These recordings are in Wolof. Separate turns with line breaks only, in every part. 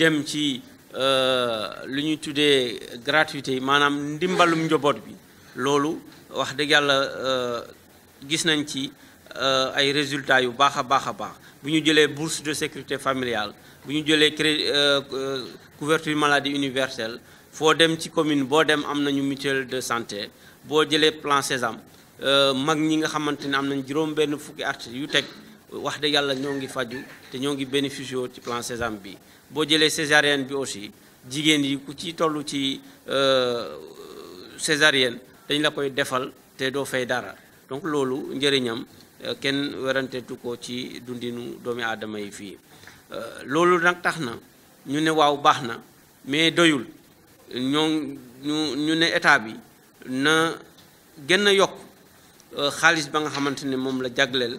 dem ci euh, lu ñuy tuddee gratuité manam ndimbalum njobot bi lolu wax deug yalla euh gis nañ ci euh ay résultats yu baxa baxa baax buñu jëlé bourse de sécurité familiale buñu jëlé jëlee crédit euh, euh, couverture maladie universelle fo dem ci commune bo dem amna ñu mutuelle de santé bo jëlé plan Sésame mag ñi nga xamante ne juroom nañ fukki article yu tek wax dëgg yàlla ñoo ngi faju te ñoo ngi bénéficié ci plan Sésame bi boo jëlee césarienne bi aussi jigéen yi ku ci toll ci euh, césarienne dañ la koy defal te doo fay dara donc loolu njëriñam euh, kenn werantetu ko ci dundinu doomi aadama yi fii euh, loolu nag tax na ñu ne waaw baax na mais doyul ñoo ñu ñu ne état bi na gën a yokk xaalis ba nga xamante ne moom la jagleel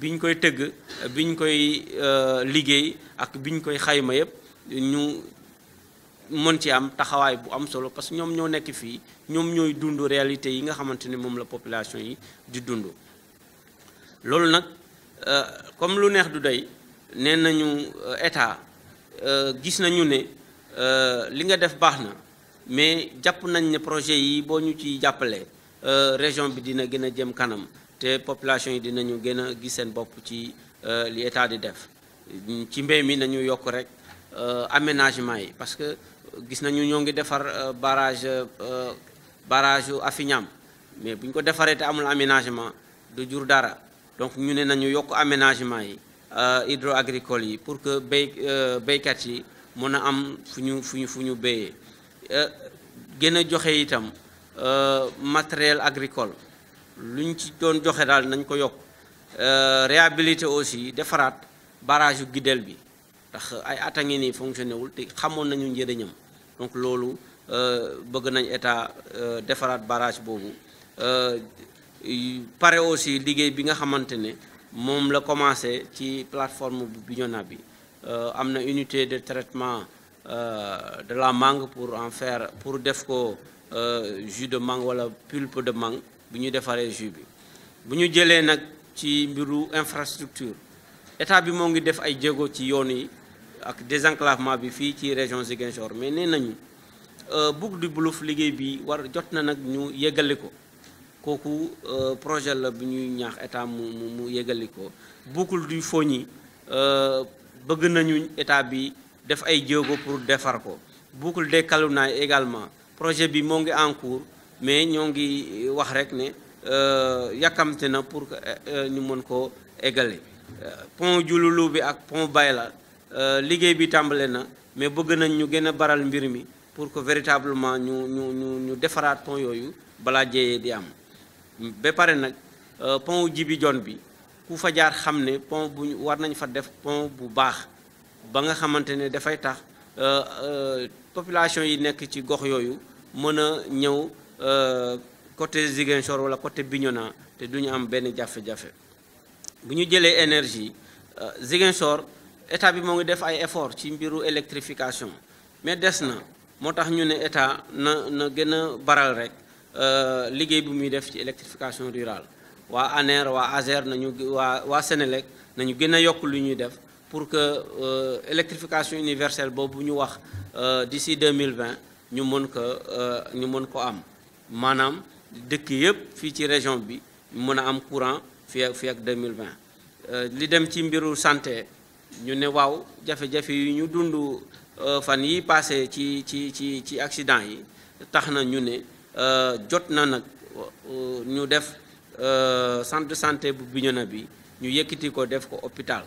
biñ koy tëgg biñ koy euh, liggéey ak biñ koy xayma yëpp ñu mën ci am taxawaay bu am solo parce que ñoom ñoo nekk fii ñoom ñooy dund réalité yi nga xamante ni moom la population yi di dund loolu nag euh, comme lu neex du doy nee nañu euh, état gis nañu ne li nga def baax na mais jàpp nañ ne projet yi boo ñu ci jàppalee région bi dina gën a jëm kanam des population yi dinañu gëna a gis seen bopp ci euh, li état di def ci mbé mi nañu yok rek euh, aménagement yi parce que gis nañu ñoo ngi defar euh, barrage barrage u Afiñam mais buñ ko défaré té amul aménagement du jur dara donc ñu ne nañu yok aménagement yi hydroagricole yi pour que béy béykat yi mën am fuñu fuñu fuñu ñu euh gëna joxé itam euh matériel agricole luñ ci doon joxe coûte nañ ko yokk euh, réhabilité aussi defaraat barrage yu Guidel bi ndax ay at a ngi nii fonctionné wul te xamoon nañu donc loolu euh, bëgg nañ état euh, defaraat barrage boobu Pareil aussi liggéey bi nga xamante Mon le la commencé ci plateforme bu Bignona bi unité de traitement de la mangue pour en faire pour def ko jus de mangue wala pulpe de mangue bu ñu defaree jus bi bu ñu jëlee nag ci mbiru infrastructure état bi moo ngi def ay jéego ci yoon yi ak désenclavement bi fii ci région Ziguinchor mais nee nañu euh, Boucle di Boulouf liggéey bi war jot na nag ñu yeggali ko kooku euh, projet la bu ñuy ñaax état mu mu yeggali ko Boucle du Fogny euh, bëgg nañu état bi def ay jéego pour defar ko Boucle des Calounaye également projet bi moo ngi en mais ñoo ngi wax rek ne euh, yàkkamte na pour que euh, ñu mën koo eggale euh, pont Diouloulou bi ak pon pont Bayla liggéey bi tàmbale na mais bëgg nañ ñu gën a baral mbir mi pour que véritablement ñu ñu ñu ñu defaraat pont yooyu balaa jéyee di am ba pare nag pont Djibi Dione bi ku fa jaar xam ne pon bu war nañ fa def pont bu baax ba nga xamante ne dafay tax population yi nekk ci gox yooyu mën a ñëw Euh, côté Ziguinchor wala côté Bignona te du ñu am benn jafe-jafe bu ñu jëlee énergie euh, Ziguinchor état bi moo ngi def ay effort ci mbiru électrification mais des na moo tax ñu ne état na na gën a baral rek euh, liggéey bi muy def ci électrification rurale waa ANER waa ASER nañu waa waa Sénélec nañu gën a yokk lu ñuy def pour que électrification universelle boobu ñu wax d'ici 2020 ñu mën ko ñu mën ko am Manam dëkk yëpp fii ci région bi mën a am courant fii ak ak 2020 euh, li dem ci mbiru santé ñu ne waaw jafe-jafe yi ñu dund euh, fan yi passé ci ci ci ci accident yi tax ñu ne euh, jot na nag ñu def centre de santé bu biñona bi ñu yëkkati ko def ko hôpital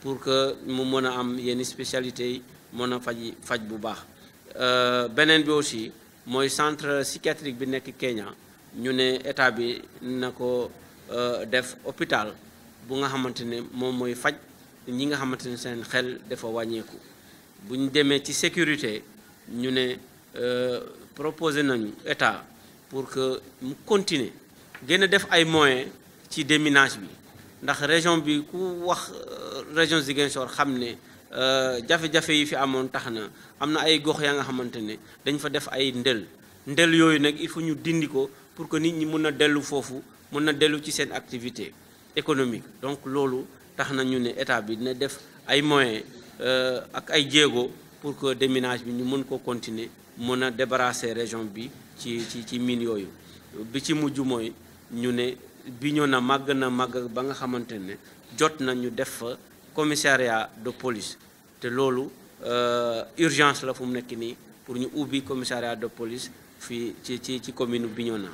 pour que mu mën a am yenn spécialité yi mën a faj faj bu baax beneen bi aussi mooy centre psychiatrique bi nekk Kenya ñu ne état bi na ko euh, def hôpital bu nga xamante ne moom mooy faj ñi nga xamante ne seen xel dafa wàññeeku buñ demee ci sécurité ñu ne euh, proposé nañu état pour que mu continuer gën a def ay moyen ci déminage bi ndax région bi ku wax euh, région Ziguinchor xam ne Euh, jafe-jafe yi fi amoon tax na am na ay gox yaa nga xamante ne dañ fa def ay ndel ndel yooyu nag il faut ñu dindi ko pour que nit ñi mun a dellu foofu mën na dellu ci seen activité économique donc loolu tax na ñu ne état bi dina def ay moyens euh, ak ay jéego pour que déminage bi ñu mën ko continuer mën a débarrasser région bi ci ci ci mine yooyu bi ci mujj mooy ñu ne bi ñoo na màgg na màgg ba nga xamante ne jot na ñu def fa commissaria de police te loolu euh, urgence la fu mu nekk nii pour ñu ubbi commissariat de police fii ci ci ci commune Bignona